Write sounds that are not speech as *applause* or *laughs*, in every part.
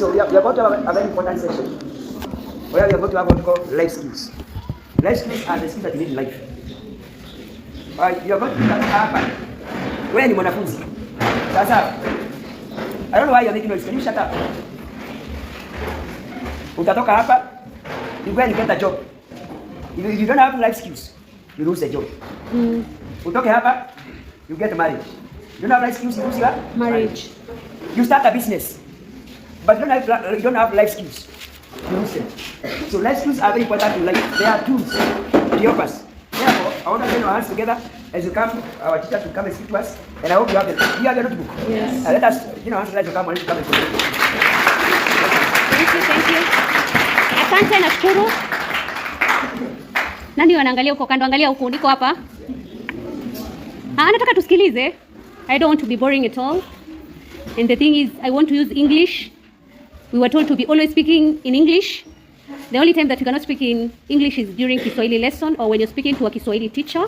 so we are, we are going to have a, a very important session where we are going to have what we call life skills. Life skills are the skills that you need in life. Alright, you are going to look you hapa. to ni That's Sasa I don't know why you're making noise. Can you shut up? Utatoka hapa, you go and get a job. If you don't have life skills, you lose the job. Mm. Utoke hapa, you get married. You don't have life skills, you lose your marriage. marriage. You start a business but you don't have, you don't have life skills. You Nonsense. So life skills are very important to life. They are tools to help us. Therefore, I want to bring our hands together as you come, our teacher to come and speak to us. And I hope you have the, you have the notebook. Yes. Uh, let us, you know, hands to come and speak to us. Thank you, thank you. Asante, na shukuru. Nani wanaangalia huko kando? Angalia huko, niko hapa. Ah, nataka tusikilize. I don't want to be boring at all. And the thing is, I want to use English We were told to be always speaking in English. The only time that you cannot speak in English is during Kiswahili lesson or when you're speaking to a Kiswahili teacher.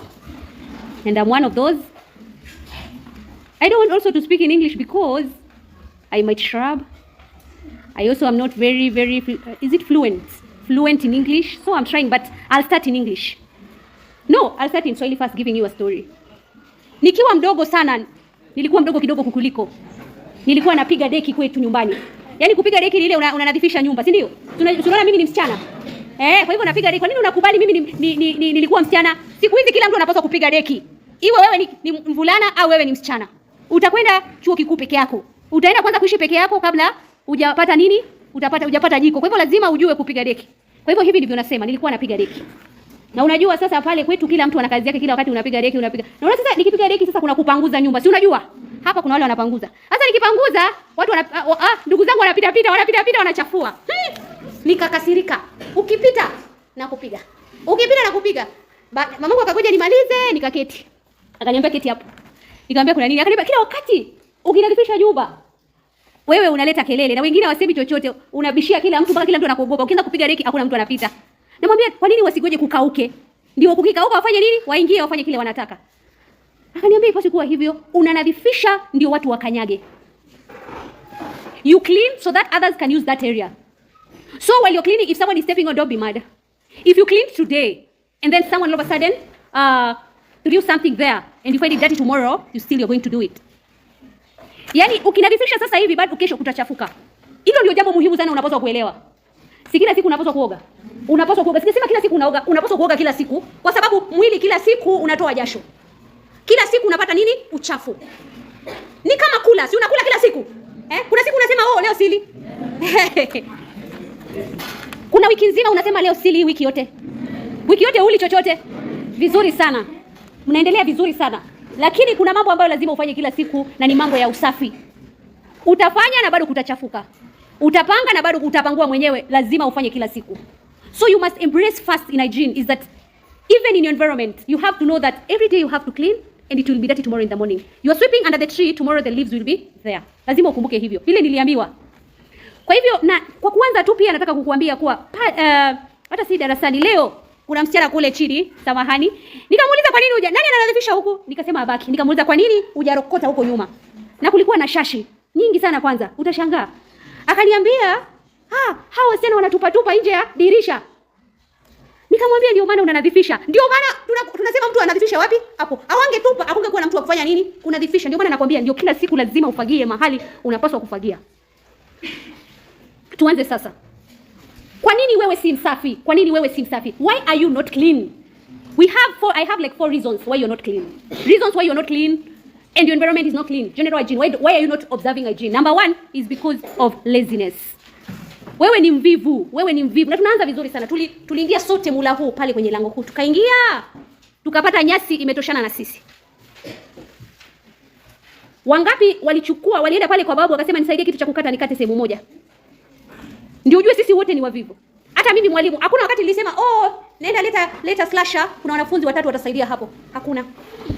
And I'm one of those. I don't want also to speak in English because I might shrub. I also am not very, very, uh, is it fluent? Fluent in English. So I'm trying, but I'll start in English. No, I'll start in Swahili first giving you a story. Nikiwa mdogo sana, nilikuwa mdogo kidogo kukuliko. Nilikuwa napiga deki kwetu nyumbani. Yaani kupiga deki lile unanadhifisha una nyumba, si ndio? Tunaona mimi ni msichana. Eh, kwa hivyo napiga deki. Kwa nini unakubali mimi ni, ni, ni, ni, nilikuwa msichana? Siku hizi kila mtu anapaswa kupiga deki. Iwe wewe ni, ni mvulana au wewe ni msichana. Utakwenda chuo kikuu peke yako. Utaenda kwanza kuishi peke yako kabla hujapata nini? Utapata hujapata jiko. Kwa hivyo lazima ujue kupiga deki. Kwa hivyo hivi ndivyo nasema, nilikuwa napiga deki. Na unajua sasa pale kwetu kila mtu ana kazi yake, kila wakati unapiga deki, unapiga. Na unajua sasa nikipiga deki sasa kuna kupanguza nyumba. Si unajua? Hapa kuna wale wanapanguza. Sasa nikipanguza, watu wana ah, ah, ah ndugu zangu wanapita pita, wanapita pita wanachafua. Hmm. Nikakasirika. Ukipita na kupiga. Ukipita na kupiga. Mamangu akakuja nimalize, nikaketi. Akaniambia keti hapo. Nikamwambia kuna nini? Akaniambia kila wakati ukirekebisha nyumba wewe unaleta kelele na wengine wasemi chochote, unabishia kila mtu mpaka kila mtu anakuogopa. Ukianza kupiga reki hakuna mtu anapita. Namwambia kwa nini wasigoje kukauke? Ndio kukikauka wafanye nini? Waingie wafanye kile wanataka. Akaniambia ipaswi kuwa hivyo, unanadhifisha ndio watu wakanyage. You clean so that others can use that area. So while you're cleaning, if someone is stepping on, don't be mad. If you clean today and then someone all of a sudden uh, threw something there and you find it dirty tomorrow, you still you're going to do it. Yaani ukinadhifisha sasa hivi bado kesho kutachafuka. Hilo ndio jambo muhimu sana unapaswa kuelewa. Si kila siku unapaswa kuoga? Unapaswa kuoga. Sijasema kila siku unaoga, unapaswa kuoga kila siku kwa sababu mwili kila siku unatoa jasho. Kila siku unapata nini? Uchafu. Ni kama kula, si unakula kila siku? Eh? Kuna siku unasema oh, leo sili. *laughs* Kuna wiki nzima unasema leo sili wiki yote. Wiki yote uli chochote. Vizuri sana. Mnaendelea vizuri sana. Lakini kuna mambo ambayo lazima ufanye kila siku na ni mambo ya usafi. Utafanya na bado kutachafuka. Utapanga na bado utapangua mwenyewe, lazima ufanye kila siku. So you must embrace fast in hygiene is that even in your environment you have to know that every day you have to clean and it will be dirty tomorrow in the morning. You are sweeping under the tree, tomorrow the leaves will be there. Lazima ukumbuke hivyo. Ile niliambiwa. Kwa hivyo na kwa kuanza tu pia nataka kukuambia kuwa pa, uh, hata si darasani leo kuna msichana kule chini, samahani. Nikamuuliza kwa nini uja? Nani ananadhifisha huku? Nikasema abaki. Nikamuuliza kwa nini hujarokota huko nyuma? Na kulikuwa na shashi nyingi sana kwanza, utashangaa. Akaniambia ha, hao wasichana wanatupatupa nje ya dirisha. Nikamwambia ndio maana unanadhifisha. Ndio maana tunasema mtu anadhifisha wapi? Hapo. Awangetupa, hakungekuwa na mtu wa kufanya nini? Kunadhifisha. Ndio maana nakwambia ndio kila siku lazima ufagie mahali unapaswa kufagia. Tuanze sasa. Kwa nini wewe si msafi? Kwa nini wewe si msafi? Why are you not clean? We have four I have like four reasons why you're not clean. Reasons why you're not clean and your environment is not clean, general hygiene. Why, why are you not observing hygiene? Number one is because of laziness. Wewe ni mvivu, wewe ni mvivu. Na tunaanza vizuri sana, tuliingia sote mula huu pale kwenye lango kuu, tukaingia tukapata nyasi imetoshana na sisi. Wangapi walichukua walienda pale kwa babu wakasema, nisaidie kitu cha kukata nikate sehemu moja? Ndio ujue sisi wote ni wavivu. Hata mimi mwalimu, hakuna wakati nilisema oh, Nenda leta leta slasha, kuna wanafunzi watatu watasaidia hapo. Hakuna.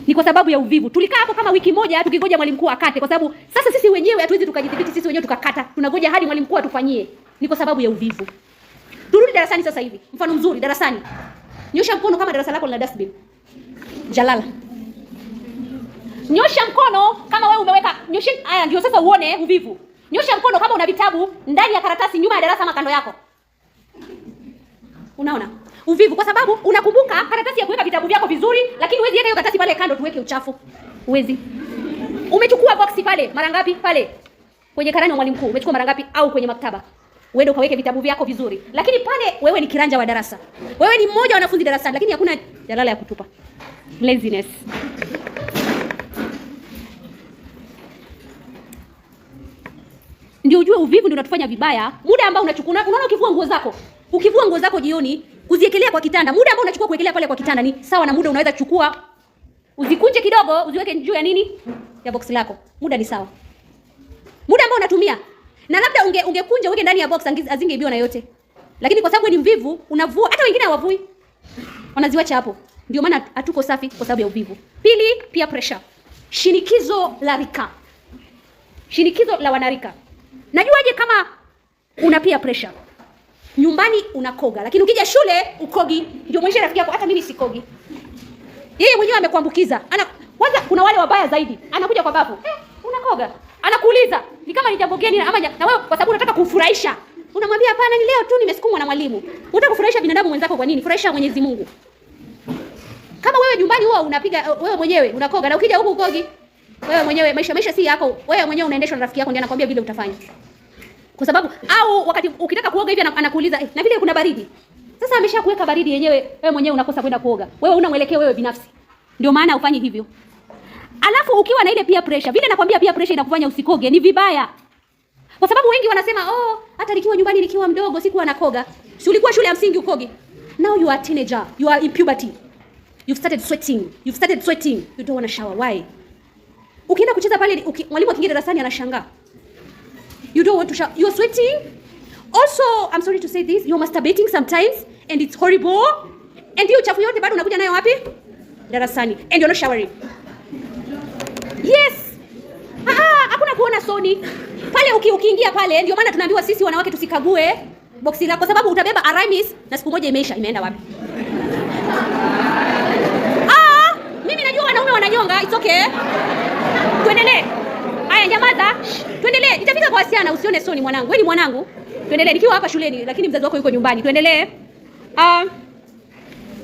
Ni kwa sababu ya uvivu. Tulikaa hapo kama wiki moja tukingoja mwalimu mkuu akate kwa sababu sasa sisi wenyewe hatuwezi tukajidhibiti sisi wenyewe tukakata. Tunagoja hadi mwalimu mkuu atufanyie. Ni kwa sababu ya uvivu. Turudi darasani sasa hivi. Mfano mzuri darasani. Nyosha mkono kama darasa lako lina dustbin. Jalala. Nyosha mkono kama wewe umeweka nyosha. Haya ndio sasa uone uvivu. Nyosha mkono kama una vitabu ndani ya karatasi nyuma ya darasa makando yako. Unaona? uvivu, kwa sababu unakumbuka karatasi ya kuweka vitabu vyako vizuri, lakini huwezi weka hiyo karatasi pale kando tuweke uchafu. Huwezi. Umechukua boksi pale mara ngapi pale? Kwenye karani ya mwalimu mkuu umechukua mara ngapi au kwenye maktaba? Uende ukaweke vitabu vyako vizuri. Lakini pale wewe ni kiranja wa darasa. Wewe ni mmoja wa wanafunzi darasani lakini hakuna jalala ya kutupa. Laziness. Ndio ujue uvivu ndio unatufanya vibaya. Muda ambao unachukua unaona ukivua nguo zako. Ukivua nguo zako jioni kuziekelea kwa kitanda. Muda ambao unachukua kuwekelea pale kwa kitanda ni sawa na muda unaweza kuchukua uzikunje kidogo, uziweke juu ya nini ya box lako. Muda ni sawa, muda ambao unatumia, na labda unge ungekunja uweke ndani ya box, azingeibiwa na yote, lakini kwa sababu ni mvivu unavua. Hata wengine hawavui, wanaziwacha hapo. Ndio maana hatuko safi kwa sababu ya uvivu. Pili, peer pressure, shinikizo la rika, shinikizo la wanarika. Najuaje kama una peer pressure? nyumbani unakoga, lakini ukija shule ukogi. Ndio mwisho rafiki yako, hata mimi sikogi. Yeye mwenyewe amekuambukiza. Ana kwanza, kuna wale wabaya zaidi, anakuja kwa babu eh, unakoga, anakuuliza ni kama ni jambo gani, ama na wewe kwa sababu unataka kumfurahisha unamwambia hapana, ni leo tu nimesukumwa na mwalimu. Unataka kufurahisha binadamu mwenzako kwa nini? Furahisha Mwenyezi Mungu. Kama wewe nyumbani huwa unapiga eh, wewe mwenyewe unakoga, na ukija huku ukogi wewe mwenyewe, maisha maisha si yako wewe mwenyewe, unaendeshwa na rafiki yako, ndio anakuambia vile utafanya. Kwa sababu au wakati ukitaka kuoga hivi anakuuliza eh, na vile kuna baridi. Sasa ameshakuweka baridi yenyewe, wewe mwenyewe unakosa kwenda kuoga. Wewe una mwelekeo wewe binafsi. Ndio maana ufanye hivyo. Alafu ukiwa na ile peer pressure, vile nakwambia peer pressure inakufanya usikoge ni vibaya. Kwa sababu wengi wanasema, "Oh, hata nikiwa nyumbani nikiwa mdogo sikuwa nakoga." Si ulikuwa shule ya msingi ukoge. Now you are teenager, you are in puberty. You've started sweating. You've started sweating. You don't want to shower. Why? Ukienda kucheza pale, mwalimu akiingia darasani anashangaa. You don't want to shower. You're sweating. Also, I'm sorry to say this, you're masturbating sometimes and it's horrible. And hiyo uchafu yote bado unakuja nayo wapi? Darasani. And you're not showering. Yes. Ah, hakuna kuona soni. Pale uki, ukiingia pale ndio maana tunaambiwa sisi wanawake tusikague boksi lako kwa sababu utabeba Aramis na siku moja imeisha imeenda wapi? Ah, mimi najua wanaume wananyonga, it's okay. Tuendelee. Eh, nyamaza. Tuendelee. Itafika kwa wasichana, usione soni mwanangu. Wewe ni mwanangu. Tuendelee. Nikiwa hapa shuleni lakini mzazi wako yuko nyumbani. Tuendelee. Uh,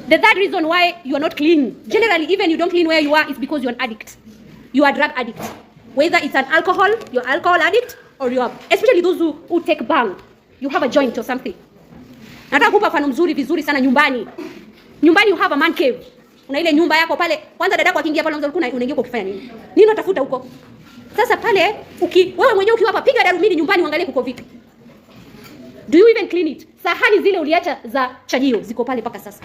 the third reason why you are not clean. Generally even you don't clean where you are is because you are an addict. You are a drug addict. Whether it's an alcohol, you're alcohol addict or you are especially those who, who take bang. You have a joint or something. Nataka kupa mfano mzuri vizuri sana nyumbani. Nyumbani you have a man cave. Una ile nyumba yako pale. Kwanza dadako akiingia pale unaingia kwa kufanya nini? Nini unatafuta huko? Sasa pale uki wewe mwenyewe ukiwapa piga darubini nyumbani uangalie kuko vipi. Do you even clean it? Sahani zile uliacha za chajio ziko pale mpaka sasa.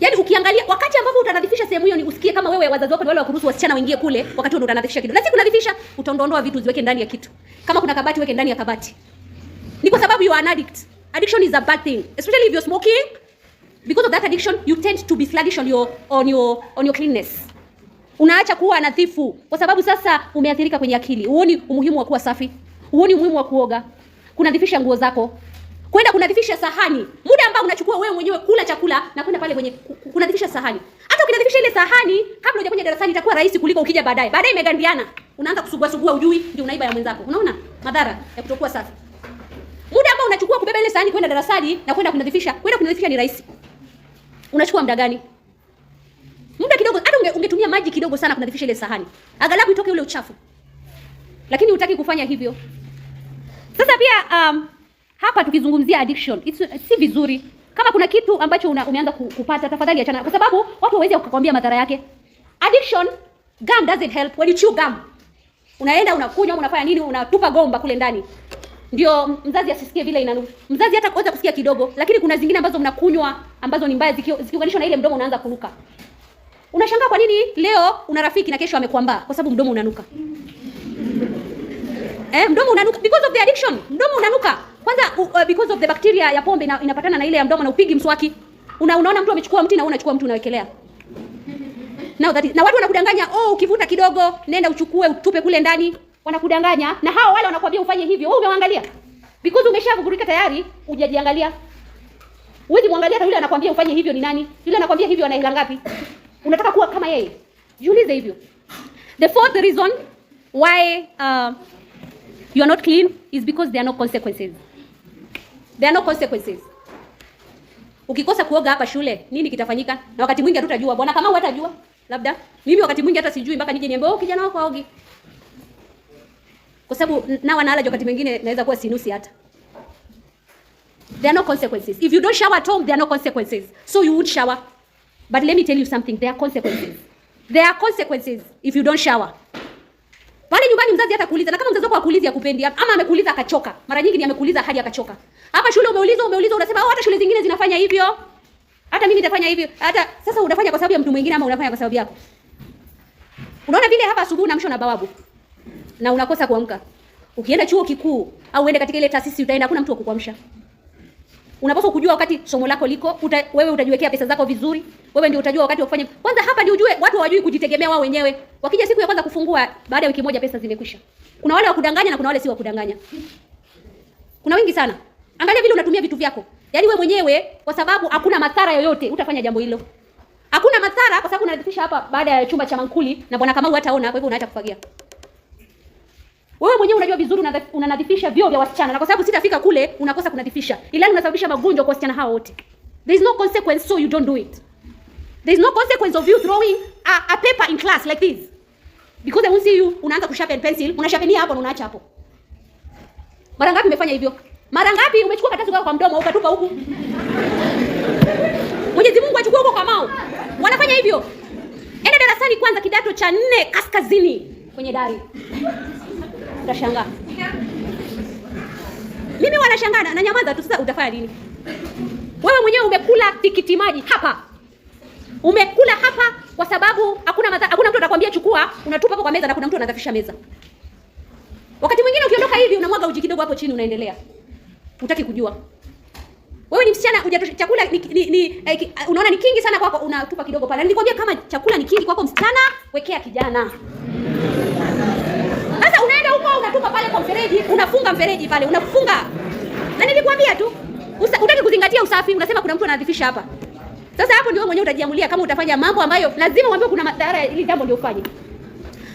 Yaani ukiangalia wakati ambapo utanadhifisha sehemu hiyo ni usikie kama wewe wazazi wako ni wale wa kuruhusu wasichana waingie kule wakati wewe unanadhifisha kitu. Na siku unadhifisha utaondoa vitu ziweke ndani ya kitu. Kama kuna kabati weke ndani ya kabati. Ni kwa sababu you are an addict. Addiction is a bad thing, especially if you're smoking. Because of that addiction you tend to be sluggish on your on your on your cleanliness unaacha kuwa nadhifu, kwa sababu sasa umeathirika kwenye akili. Huoni umuhimu wa kuwa safi, huoni umuhimu wa kuoga, kunadhifisha nguo zako, kwenda kunadhifisha sahani, muda ambao unachukua wewe mwenyewe kula chakula na kwenda pale kwenye kunadhifisha sahani. Hata ukinadhifisha ile sahani kabla hujakuja darasani itakuwa rahisi kuliko ukija baadaye. Baadaye imegandiana, unaanza kusugua sugua, ujui ndio unaiba ya mwenzako. Unaona madhara ya kutokuwa safi. Muda ambao unachukua kubeba ile sahani kwenda darasani na kwenda kunadhifisha, kwenda kunadhifisha ni rahisi. Unachukua muda gani? Muda kidogo ule ungetumia maji kidogo sana kunadhifisha ile sahani. Aghalabu itoke ule uchafu. Lakini hutaki kufanya hivyo. Sasa pia um, hapa tukizungumzia addiction, it's, uh, si vizuri. Kama kuna kitu ambacho una, umeanza kupata tafadhali achana kwa sababu watu waweze kukwambia madhara yake. Addiction gum doesn't help when you chew gum. Unaenda unakunywa unafanya nini unatupa gomba kule ndani. Ndio mzazi asisikie vile inanu. Mzazi hata kuweza kusikia kidogo, lakini kuna zingine ambazo mnakunywa ambazo ni mbaya zikiunganishwa na ile mdomo unaanza kuruka. Unashangaa kwa nini leo una rafiki na kesho amekwambaa kwa sababu mdomo unanuka. Eh, mdomo unanuka because of the addiction. Mdomo unanuka. Kwanza uh, because of the bacteria ya pombe ina, inapatana na ile ya mdomo na upigi mswaki. Una, unaona mtu amechukua mti na wewe unachukua mtu unawekelea. Now that is, na watu wanakudanganya, oh ukivuta kidogo nenda uchukue utupe kule ndani. Wanakudanganya na hao wale wanakuambia ufanye hivyo, wewe umeangalia. Because umeshavugurika tayari, hujajiangalia. Wewe mwangalia hata yule anakuambia ufanye hivyo ni nani? Yule anakuambia hivyo ana hela ngapi? Unataka kuwa kama yeye? Jiulize hivyo. The fourth reason why uh, you are not clean is because there are no consequences. There are no consequences. Ukikosa kuoga hapa shule, nini kitafanyika? Na wakati mwingi hatutajua. Bwana kama hatajua, labda mimi wakati mwingi hata sijui mpaka nije niambie, "Oh, kijana wako haogi." Kwa sababu na wanaala wakati mwingine naweza kuwa sinusi hata. There are no consequences. If you don't shower at home, there are no consequences. So you would shower. But let me tell you something, there are consequences. There are consequences if you don't shower. Pale nyumbani mzazi hata kuuliza na kama mzazi wako akuulizi akupendi ama amekuuliza akachoka. Mara nyingi ni amekuuliza hadi akachoka. Hapa shule umeuliza umeuliza unasema oh, hata shule zingine zinafanya hivyo. Hata mimi nitafanya hivyo. Hata sasa unafanya kwa sababu ya mtu mwingine ama unafanya kwa sababu yako? Unaona vile hapa asubuhi unaamshwa na bawabu. Na unakosa kuamka. Ukienda chuo kikuu au uende katika ile taasisi utaenda hakuna mtu wa kukuamsha. Unapaswa kujua wakati somo lako liko uta, wewe utajiwekea pesa zako vizuri. Wewe ndio utajua wakati wa kufanya. Kwanza hapa ndio ujue watu hawajui kujitegemea wao wenyewe. Wakija siku ya kwanza kufungua baada ya wiki moja pesa zimekwisha. Kuna wale wa kudanganya na kuna wale si wa kudanganya. Kuna wengi sana. Angalia vile unatumia vitu vyako. Yaani wewe mwenyewe kwa sababu hakuna madhara yoyote utafanya jambo hilo. Hakuna madhara kwa sababu unadhifisha hapa baada ya chumba cha mankuli na bwana Kamau hataona kwa hivyo unaacha kufagia. Wewe mwenyewe unajua vizuri unanadhifisha vyoo vya wasichana na kwa sababu sitafika kule unakosa kunadhifisha. Ila unasababisha magonjwa kwa wasichana hao wote. There is no consequence so you don't do it. There is no consequence of you throwing a, a paper in class like this. Because I won't see you unaanza kusharpen pencil, unashapenia hapo na unaacha hapo. Mara ngapi umefanya hivyo? Mara ngapi umechukua katasi kwa mdomo ukatupa huku? Mwenyezi Mungu achukue huko kwa kamao. Wanafanya hivyo. Enda darasani kwanza kidato cha nne kaskazini kwenye dari utashangaa. Mimi wanashangaa na nyamaza tu. Sasa utafanya nini wewe mwenyewe? Umekula tikiti maji hapa, umekula hapa kwa sababu hakuna maza, hakuna mtu atakwambia chukua, unatupa hapo kwa meza na kuna mtu anadhafisha meza. Wakati mwingine ukiondoka hivi unamwaga uji kidogo hapo chini, unaendelea utaki kujua. Wewe ni msichana hujatosha chakula ni, ni, ni eh, ki, unaona ni kingi sana kwako, unatupa kidogo pale. Nilikwambia kama chakula ni kingi kwako msichana, wekea kijana pale kwa mfereji, unafunga mfereji pale, unafunga. Na nilikwambia tu, utaki kuzingatia usafi, unasema kuna mtu anadhifisha hapa. Sasa hapo ndio mwenyewe utajiamulia kama utafanya mambo ambayo lazima uambiwe kuna madhara ili jambo ndio ufanye.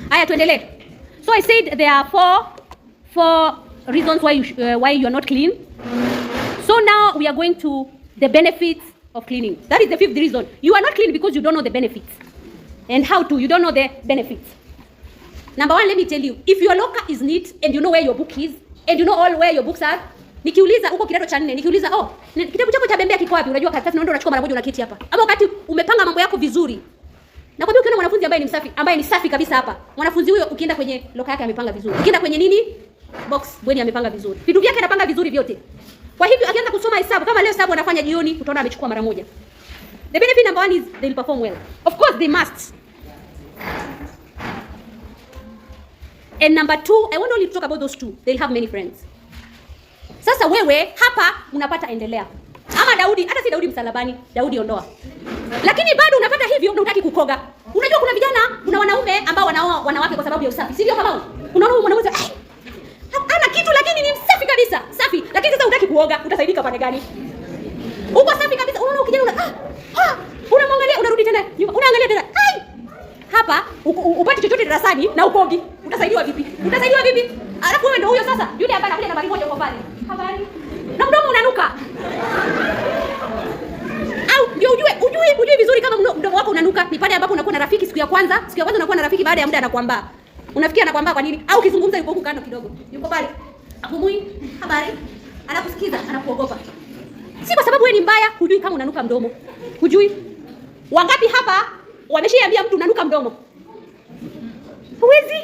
Haya, tuendelee. So I said there are four four reasons why you, uh, why you are not clean. So now we are going to the benefits of cleaning. That is the fifth reason. You are not clean because you don't know the benefits. And how to? You don't know the benefits. Number one, let me tell you, if your locker is neat and you know where your book is and you know all where your books are, nikiuliza huko kidato cha nne, nikiuliza oh, kitabu chako cha bembea kiko wapi? Unajua karatasi naondoa unachukua mara moja unaketi hapa. Ama wakati umepanga mambo yako vizuri. Na Nakwambia ukiona mwanafunzi ambaye ni msafi, ambaye ni safi kabisa hapa. Mwanafunzi huyo ukienda kwenye loka yake amepanga vizuri. Ukienda kwenye nini? Box bweni amepanga vizuri. Vitu vyake anapanga vizuri vyote. Kwa hivyo akianza kusoma hesabu kama leo hesabu anafanya jioni, utaona amechukua mara moja. The benefit number one is they'll perform well. Of course they must. And number two, I want only to talk about those two. They'll have many friends. Sasa wewe hapa unapata endelea. Ama Daudi, hata si Daudi msalabani, Daudi ondoa. Lakini bado unapata hivyo na unataka kukoga. Unajua kuna vijana, kuna wanaume ambao wanaoa wanawake kwa sababu ya usafi. Sivyo kama unaona mwanaume eh, kitu lakini ni msafi kabisa. Safi, lakini sasa unataka kuoga, utasaidika pande gani? Uko safi kabisa. Unaona ukijana una ah, ah, unamwangalia unarudi tena nyuma. Unaangalia tena. Hai. Hapa upate chochote darasani na ukogi utasaidiwa vipi? Utasaidiwa vipi? Alafu wewe ndio huyo sasa yule ambaye anakuja na mali moja kwa pale. Habari. Na mdomo unanuka. Au ndio ujue ujue ujue vizuri kama mdomo wako unanuka ni pale ambapo unakuwa na rafiki siku ya kwanza, siku ya kwanza unakuwa na rafiki baada ya muda anakuambaa. Unafikia anakuambaa kwa nini? Au ukizungumza yuko huko kando kidogo. Yuko pale. Apumui. Habari. Anakusikiza, anakuogopa. Si kwa sababu wewe ni mbaya, hujui kama unanuka mdomo. Hujui. Wangapi hapa wameshaambia mtu unanuka mdomo? Huwezi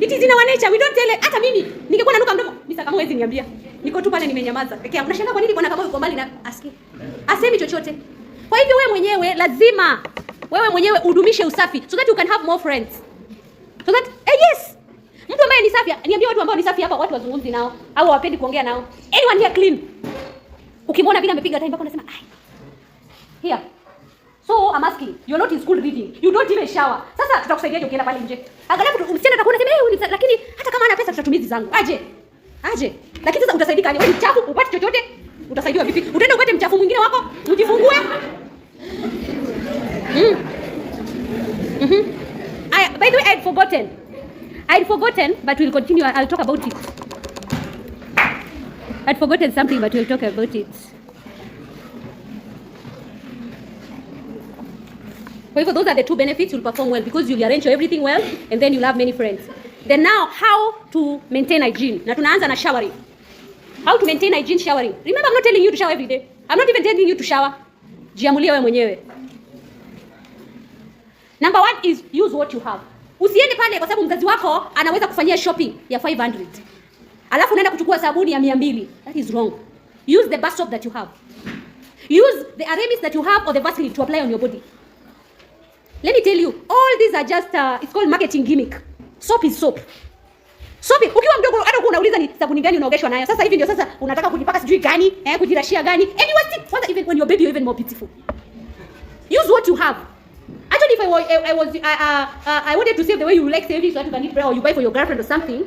It is in our nature. We don't tell it. Hata mimi ningekuwa nanuka mdomo, Mr. Kamau hawezi niambia. Niko tu pale nimenyamaza. Pekee yangu. Unashangaa kwa nini Bwana Kamau yuko mbali na aski. Asemi chochote. Kwa hivyo wewe mwenyewe lazima wewe mwenyewe udumishe usafi so that you can have more friends. So that eh, yes. Mtu ambaye ni safi, niambia watu ambao ni safi hapa watu wazungumzi nao au hawapendi kuongea nao. Anyone here clean? Ukimwona vile amepiga time bako unasema ai. Here. So I'm asking, you're not in school reading. You don't even shower. Sasa tutakusaidiaje ukienda pale nje? Angalau msichana atakuona sema, "Hey, eh, lakini hata kama ana pesa tutatumia zangu." Aje. Aje. Lakini sasa utasaidika ni wewe mchafu upate chochote? Utasaidiwa vipi? Utaenda upate mchafu mwingine wako? Ujifungue? Mm. Mhm. Mm I by the way I'd forgotten. I'd forgotten but we'll continue. I'll talk about it. I'd forgotten something but we'll talk about it. Kwa hivyo those are the two benefits you'll perform well because you'll arrange everything well and then you'll have many friends. Then now how to maintain hygiene. Na tunaanza na showering. How to maintain hygiene showering. Remember I'm not telling you to shower every day. I'm not even telling you to shower. Jiamulie wewe mwenyewe. Number one is use what you have. Usiende pale kwa sababu mzazi wako anaweza kufanyia shopping ya 500. Alafu unaenda kuchukua sabuni ya 200. That is wrong. Use the bath soap that you have. Use the Aramis that you have or the Vaseline to apply on your body. Let me tell you, all these are just uh, it's called marketing gimmick. Soap is soap. Soap, ukiwa mdogo hata uko unauliza ni sabuni gani unaogeshwa nayo. Sasa hivi ndio sasa unataka kujipaka sijui gani, eh, kujirashia gani. anyway you still even when your baby you're even more beautiful. Use what you have. Actually if I was, I, I was uh, uh, I wanted to save the way you like saving so that you can eat bread or you buy for your girlfriend or something.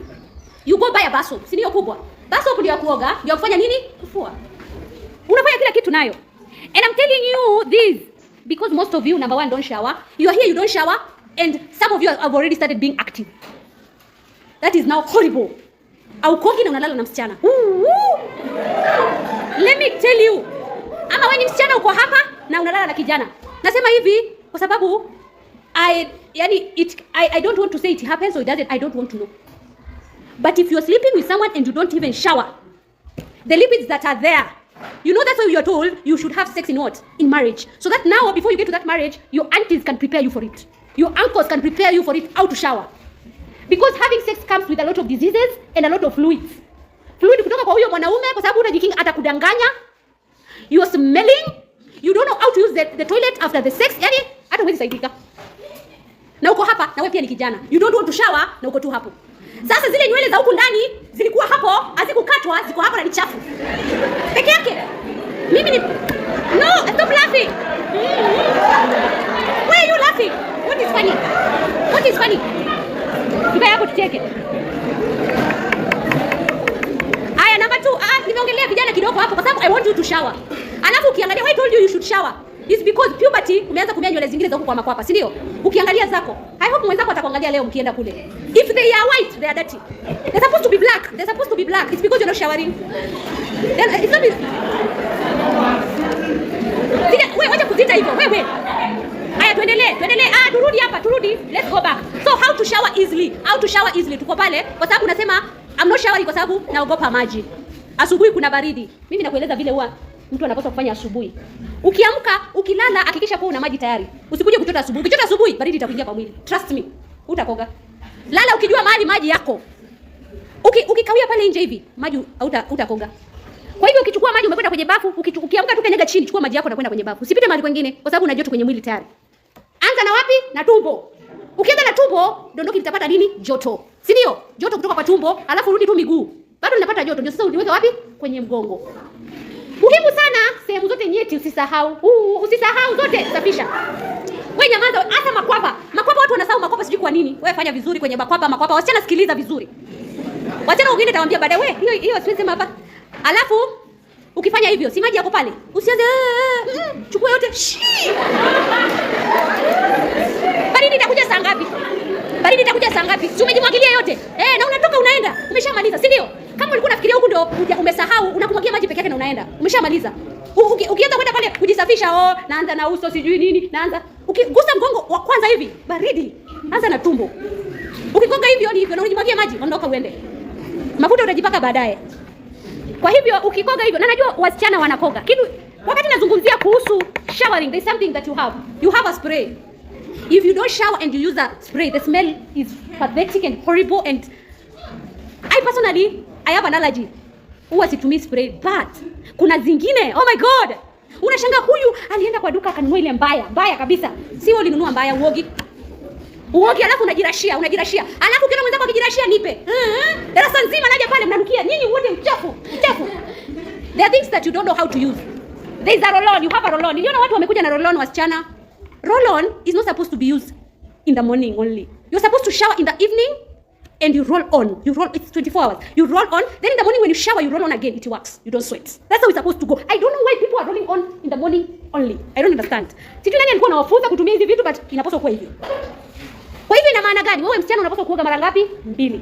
You go buy a bar soap. Si ndio kubwa? Bar soap ndio ya kuoga, ndio kufanya nini? Kufua. Unafanya kila kitu nayo. And I'm telling you this because most of you number one don't shower you are here you don't shower and some of you have already started being active that is now horrible aukogi na unalala na msichana let me tell you ama wewe ni msichana uko hapa na unalala na kijana nasema hivi kwa sababu I, yani it, I, I don't want to say it happens or it doesn't I don't want to know but if you're sleeping with someone and you don't even shower the lipids that are there You know that's why you are told you should have sex in what? In marriage. So that now before you get to that marriage, your aunties can prepare you for it. Your uncles can prepare you for it out to shower. Because having sex comes with a lot of diseases and a lot of fluids. Fluid kutoka kwa huyo mwanaume kwa sababu unajikinga atakudanganya. You are smelling. You don't know how to use the, the toilet after the sex. Yaani hata huwezi saidika. Na uko hapa na wewe pia ni kijana. You don't want to shower na uko tu hapo. Sasa zile nywele za huku ndani zilikuwa hapo, hazikukatwa, ziko hapo na ni chafu. Mimi ni... No, stop laughing. Why are you laughing? What is funny? What is funny? Kibaya yako tucheke. Aya, number two. Ah, nimeongelea vijana kidogo hapo kwa sababu I want you to shower. Alafu ukiangalia, why told you you should shower? It's because puberty umeanza kumea nywele zingine za huko kwa makwapa, si ndio? Ukiangalia zako. I hope mwenzako atakuangalia leo mkienda kule. If they are white, they are dirty. They're supposed to be black. They're supposed to be black. It's because you're not showering. Uh, it's not wewe wacha kuzita hivyo wewe. Aya, tuendelee, tuendelee. Ah, turudi hapa, turudi. Let's go back. So how to shower easily? How to shower easily? Tuko pale kwa sababu unasema I'm not showering kwa sababu naogopa maji. Asubuhi kuna baridi. Mimi nakueleza vile huwa mtu anapaswa kufanya asubuhi. Ukiamka, ukilala hakikisha kuwa una maji tayari. Usikuje kuchota asubuhi. Ukichota asubuhi baridi itakuingia kwa mwili. Trust me. Utakoga. Lala ukijua mahali maji yako. Uki, ukikawia pale nje hivi, maji utakoga. Kwa hivyo ukichukua maji umekwenda kwenye bafu, ukiamka tu kanyaga chini, chukua maji yako na kwenda kwenye bafu. Usipite mahali kwingine kwa sababu una joto kwenye mwili tayari. Anza na wapi? Na tumbo. Ukianza na tumbo, dondoki litapata nini? Joto. Si ndio? Joto kutoka kwa tumbo, alafu rudi tu miguu. Bado linapata joto. Ndio sasa uliweka wapi? Kwenye mgongo. Muhimu sana sehemu zote nyeti usisahau. Uh, usisahau zote safisha. Wewe nyamaza, hata makwapa. Makwapa watu wanasahau makwapa sijui kwa nini. Wewe fanya vizuri kwenye makwapa, makwapa. Wasichana sikiliza vizuri. Wacha na wengine tawaambia baadaye, wewe hiyo hiyo siwezi mapa. Alafu ukifanya hivyo, si maji yako pale, usianze mm, chukua yote. Baridi itakuja saa ngapi? Baridi itakuja saa ngapi? Si umejimwagilia yote eh, na unatoka unaenda, umeshamaliza, si ndio? Kama ulikuwa unafikiria huku ndio umesahau, unakumwagia maji peke yake na unaenda, umeshamaliza. Ukianza kwenda pale kujisafisha, oh, naanza na uso sijui nini, naanza ukigusa mgongo wa kwanza hivi, baridi, anza na tumbo. Ukigonga hivi hivyo na unajimwagia maji, ondoka uende. Mafuta utajipaka baadaye. Kwa hivyo ukikoga hivyo, na najua wasichana wanakoga, Kitu wakati nazungumzia kuhusu showering, there's something that you have. You have a spray. If you don't shower and you use a spray, the smell is pathetic and horrible and I personally, I have an allergy. Huwa situmii spray, but kuna zingine, oh my god, unashanga huyu alienda kwa duka akanunua ile mbaya mbaya kabisa. Si wewe ulinunua mbaya, uogi uongi, alafu unajirashia, unajirashia. Alafu ukiona mwenzako akijirashia nipe. Eh, eh. Darasa nzima naja pale mnanukia. Nyinyi wote mchafu, mchafu. There are things that you don't know how to use. There is a roll on, you have a roll on. Niliona watu wamekuja na roll on wasichana. Roll on is not supposed to be used in the morning only. You're supposed to shower in the evening and you roll on. You roll, it's 24 hours. You roll on, then in the morning when you shower, you roll on again. It works. You don't sweat. That's how it's supposed to go. I don't know why people are rolling on in the morning only. I don't understand. Sijui nani alikuwa anawafunza kutumia hizi vitu but inapaswa kuwa hivyo. Kwa hivyo ina maana gani? Wewe msichana unapaswa kuoga mara ngapi? Mbili.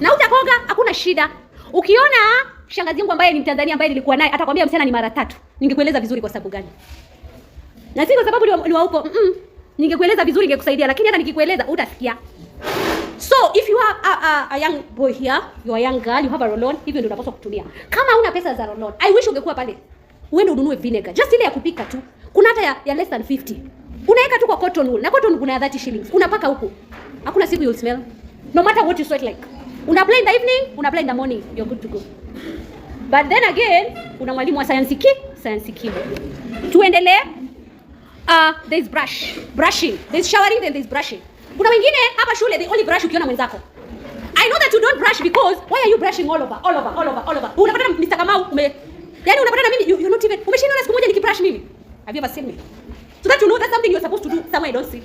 Na utakoga hakuna shida. Ukiona shangazi yangu ambaye ni Mtanzania ambaye nilikuwa naye atakwambia msichana ni mara tatu. Ningekueleza vizuri kwa sababu gani? Na si kwa sababu ni wa huko. Mm -mm. Ningekueleza vizuri ningekusaidia lakini hata nikikueleza utasikia. So if you are a, a, a young boy here, you are young girl, you have a roll on, hivyo ndio unapaswa kutumia. Kama una pesa za roll on, I wish ungekuwa pale. Uende ununue vinegar. Just ile ya kupika tu. Kuna hata ya, ya less than 50. Unaweka tu kwa cotton wool. Na cotton wool kuna 30 shillings. Unapaka huko. Hakuna siku you'll smell. No matter what you sweat like. Una apply in the evening, una apply in the morning, you're good to go. But then again, kuna mwalimu wa science ki, science ki. Tuendelee. Uh, there's brush, brushing. there's showering, then there's brushing. Kuna wengine hapa shule they only brush ukiona mwenzako. I know that you don't brush because why are you brushing all over, all over, all over, all over? Unapata Mr. Kamau ume. Yaani unapata na mimi you, you not even. Umeshinda na siku moja nikibrush mimi. Have you ever seen me? So that you know that's something you're supposed to do somewhere I don't see.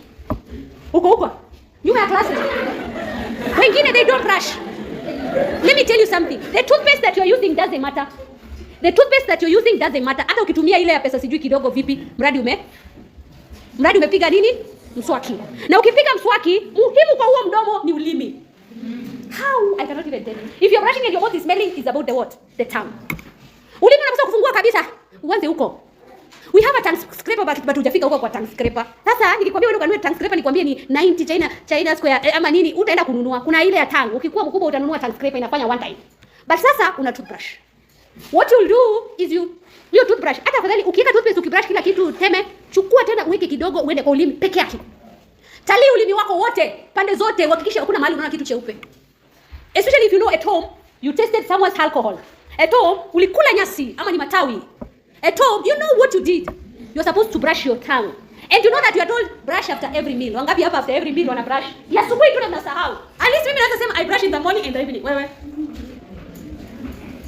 Uko huko. Nyuma ya class. Wengine they don't rush. Let me tell you something. The toothpaste that you're using doesn't matter. The toothpaste that you're using doesn't matter. Hata ukitumia ile ya pesa sijui kidogo vipi, mradi ume mradi umepiga nini? Mswaki. Na ukipiga mswaki, muhimu kwa huo mdomo ni ulimi. How? I cannot even tell you. If you're brushing and your mouth is smelling, it's about the what? The tongue. Ulimi unapaswa kufungua kabisa. Uanze huko. We have a tank scraper but, but hujafika huko kwa tank scraper. Sasa nilikwambia wewe ukanunue tank scraper, nikwambie ni 90 China China Square eh, ama nini utaenda kununua. Kuna ile ya tank. Ukikuwa mkubwa utanunua tank scraper inafanya one time. But sasa una toothbrush. What you'll do is you hiyo toothbrush hata afadhali ukiweka toothpaste ukibrush kila kitu teme, chukua tena uweke kidogo uende kwa ulimi peke yake. Tali ulimi wako wote pande zote, uhakikishe hakuna mahali unaona kitu cheupe. Especially if you know at home you tested someone's alcohol. At home ulikula nyasi ama ni matawi At home, you know what you did. You're supposed to brush your tongue. And you know that you are told brush after every meal. Wangapi hapa after every meal wana brush. Yes, we asubuhi tu tunasahau. At least mimi naweza sema I brush in the morning and the evening. Wewe.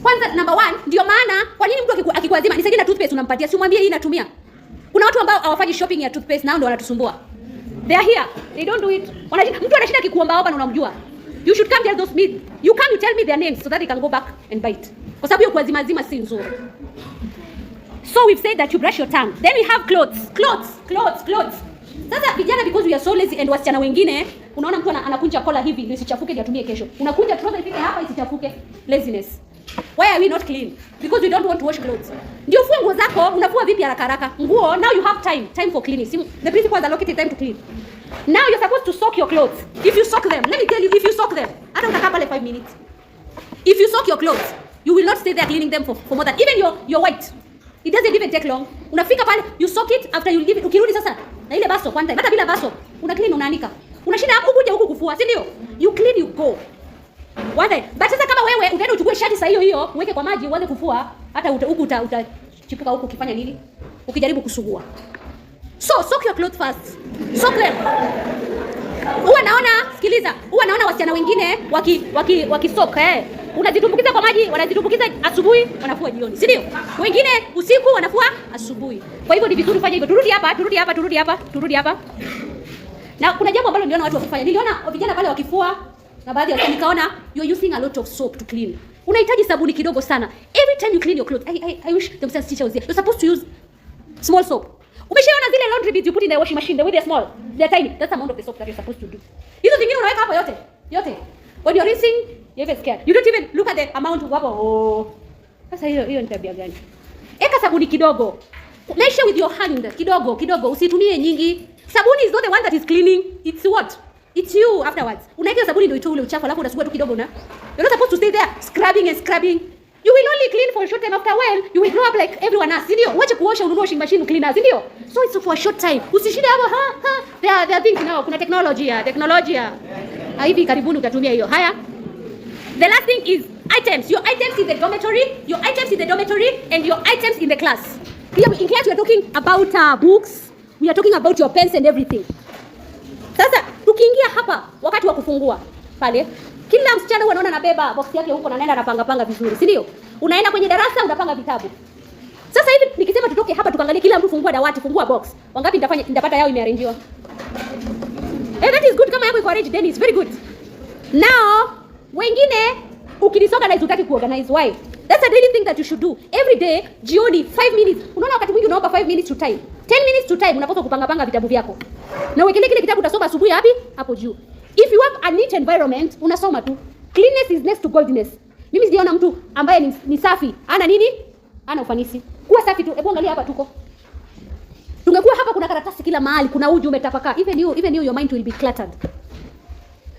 Kwanza number one, ndio maana kwa nini mtu akikuazima nisaidie na toothpaste unampatia, si umwambie hii natumia. Kuna watu ambao hawafanyi shopping ya toothpaste nao ndio wanatusumbua. They are here. They don't do it. Wanajina mtu anashinda akikuombaomba na unamjua. You should come tell those mid. You come you tell me their names so that they can go back and bite. Kwa sababu hiyo kuazima zima si nzuri. So we've said that you brush your tongue. Then we have clothes. Clothes, clothes, clothes. Sasa vijana because we are so lazy and wasichana wengine unaona mtu anakunja kola hivi ndio isichafuke ndio atumie kesho. Unakunja trouser ifike hapa isichafuke. Laziness. Why are we not clean? Because we don't want to wash clothes. Ndio fua nguo zako, unafua vipi haraka haraka? Nguo now you have time, time for cleaning. See, the principal has allocated time to clean. Now you're supposed to soak your clothes. If you soak them, let me tell you, if you soak them, hata utakaa pale 5 minutes. If you soak your clothes, you will not stay there cleaning them for, for more than even your your white It doesn't even take long. Unafika pale, you soak it after you leave it. Ukirudi sasa na ile baso kwanza, hata bila baso, una clean unaanika. Una shida hapo kuja huku kufua, si ndio? You clean you go. One But sasa kama wewe utaenda uchukue shati saa hiyo hiyo, uweke kwa maji uanze kufua, hata huku uta, utachipuka huku ukifanya nini? Ukijaribu kusugua. So soak your clothes first. Soak them. Huwa naona, sikiliza, huwa naona wasichana wengine waki waki waki soak eh unazitumbukiza kwa maji, wanazitumbukiza asubuhi, wanafua jioni, si ndio? Wengine usiku wanafua asubuhi. Kwa hivyo ni vizuri fanya hivyo. Turudi hapa, turudi hapa, turudi hapa, turudi hapa. Na kuna jambo ambalo niliona watu wakifanya. Niliona vijana pale wakifua na baadhi ya nikaona you using a lot of soap to clean. Unahitaji sabuni kidogo sana. Every time you clean your clothes. I I, I wish the teacher was here. You're supposed to use small soap. Umeshaona zile laundry bits you put in the washing machine, the way they're small, they're tiny. That's the amount of the soap that you're supposed to do. Hizo zingine unaweka hapo yote. Yote. When you're racing, you're even scared. You don't even look at the amount wapo. Oh. Sasa hiyo hiyo ni tabia gani? Eka sabuni kidogo. Leisha with your hand kidogo kidogo, usitumie nyingi. Sabuni is not the one that is cleaning. It's what? It's you afterwards. Unaweka sabuni ndio itoe ule uchafu alafu unasugua tu kidogo na. You're not supposed to stay there scrubbing and scrubbing. You will only clean for a short time after a while. You will grow up like everyone else. Ndio. Uache kuosha ununue washing machine cleaner, ndio? So it's for a short time. Usishinde hapo ha ha. There are, there are things now. Kuna teknolojia, teknolojia. Yeah, yeah hivi karibuni utatumia hiyo. Haya, the last thing is items your items in the dormitory your items in the dormitory and your items in the class. Here in class we are talking about uh, books we are talking about your pens and everything. Sasa tukiingia hapa wakati wa kufungua pale, kila msichana anaona anabeba box yake huko na anaenda anapanga panga vizuri, si ndio? Unaenda kwenye darasa unapanga vitabu. Sasa hivi nikisema tutoke hapa tukaangalie, kila mtu fungua dawati, fungua box, wangapi nitafanya nitapata yao imearrangiwa? Eh, that is good kama yako iko arrange then it's very good. Now, wengine ukinisorganize utaki kuorganize why? That's a daily thing that you should do. Every day, jioni 5 minutes. Unaona wakati mwingi unaomba 5 minutes to time. 10 minutes to time unapaswa kupanga panga vitabu vyako. Na uwekelee kile kitabu utasoma asubuhi hapi hapo juu. If you have a neat environment, unasoma tu. Cleanness is next to godliness. Mimi sijaona mtu ambaye ni, ni safi, ana nini? Ana ufanisi. Kuwa safi tu. Hebu angalia hapa tuko. Tungekuwa hapa kuna karatasi kila mahali, kuna uji umetapakaa. Even you, even you, your mind will be cluttered.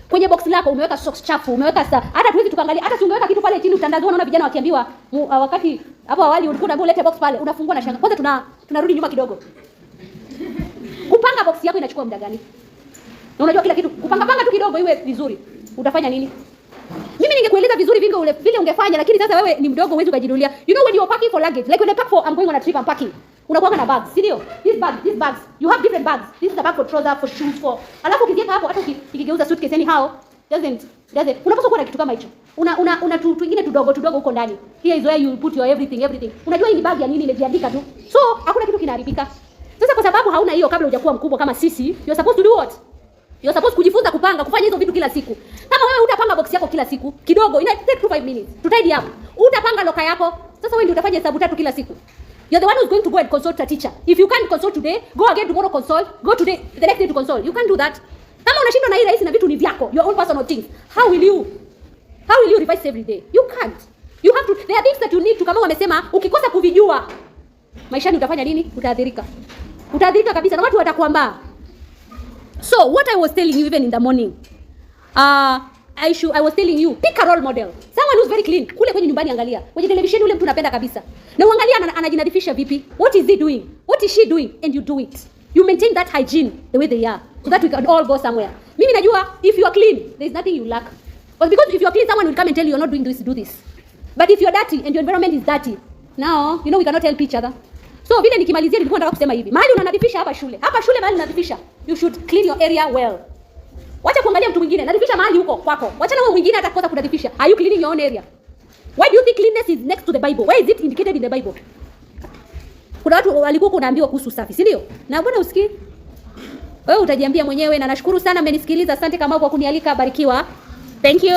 Kwenye box lako umeweka socks chafu, umeweka saa. Hata tuwezi tukaangalia, hata tungeweka kitu pale chini utandazwa, unaona vijana wakiambiwa uh, wakati hapo awali ulikuwa unaambiwa ulete box pale, unafungua na shanga. Kwanza tuna tunarudi nyuma kidogo. Kupanga box yako inachukua muda gani? Na unajua kila kitu, kupanga panga tu kidogo iwe vizuri. Utafanya nini? Mimi ningekueleza vizuri vingi ule vile ungefanya, lakini sasa wewe ni mdogo, huwezi ukajidulia. You know when you are packing for luggage, like when I pack for I'm going on a trip I'm packing unakuwa na bags, si ndio? These bags, these bags. You have different bags. This is a bag for trouser, for shoes, for. Alafu ukiziweka hapo hata ukigeuza suitcase anyhow, doesn't doesn't. Unapaswa kuwa na kitu kama hicho. Una una una tu twingine tudogo tudogo huko ndani. Here is where you put your everything everything. Unajua hii ni bag ya nini imejiandika tu. So hakuna kitu kinaharibika. Sasa kwa sababu hauna hiyo kabla hujakuwa mkubwa kama sisi, you're supposed to do what? You're supposed kujifunza kupanga, kufanya hizo vitu kila siku. Kama wewe utapanga box yako kila siku, kidogo ina take 5 minutes. Tutaidi hapo. Utapanga loka yako. Sasa wewe ndio utafanya hesabu tatu kila siku. You're the one who's going to go and consult a teacher. If you can't consult today, go again tomorrow consult, go today, the next day to consult. You can't do that. Kama unashindwa na hii rais na vitu ni vyako, your own personal things. How will you? How will you revise every day? You can't. You have to there are things that you need to kama wamesema ukikosa kuvijua maisha ni utafanya nini? Utaathirika. Utaathirika kabisa na watu watakuambaa. So what I was telling you even in the morning. Uh I should I was telling you pick a role model one who's very clean. Kule kwenye nyumbani angalia. Kwenye televisheni ule mtu unapenda kabisa. Na uangalia anajinadhifisha vipi? What is he doing? What is she doing? And you do it. You maintain that hygiene the way they are so that we can all go somewhere. Mimi najua if you are clean, there is nothing you lack. But because if you are clean, someone will come and tell you you're not doing this, do this. But if you are dirty and your environment is dirty, now you know we cannot help each other. So vile nikimalizia nilikuwa nataka kusema hivi. Mahali unanadhifisha hapa shule. Hapa shule mahali unanadhifisha. You should clean your area well. Wacha kuangalia mtu mwingine. Nadhifisha mahali huko kwako. Wacha na wewe mwingine atakosa kosa kunadhifisha. Are you cleaning your own area? Why do you think cleanliness is next to the Bible? Why is it indicated in the Bible? Kuna watu walikuwa kunaambiwa kuhusu usafi, si ndio? Na mbona usikii? Wewe utajiambia mwenyewe na nashukuru sana mmenisikiliza. Asante kama kwa kunialika, barikiwa. Thank you.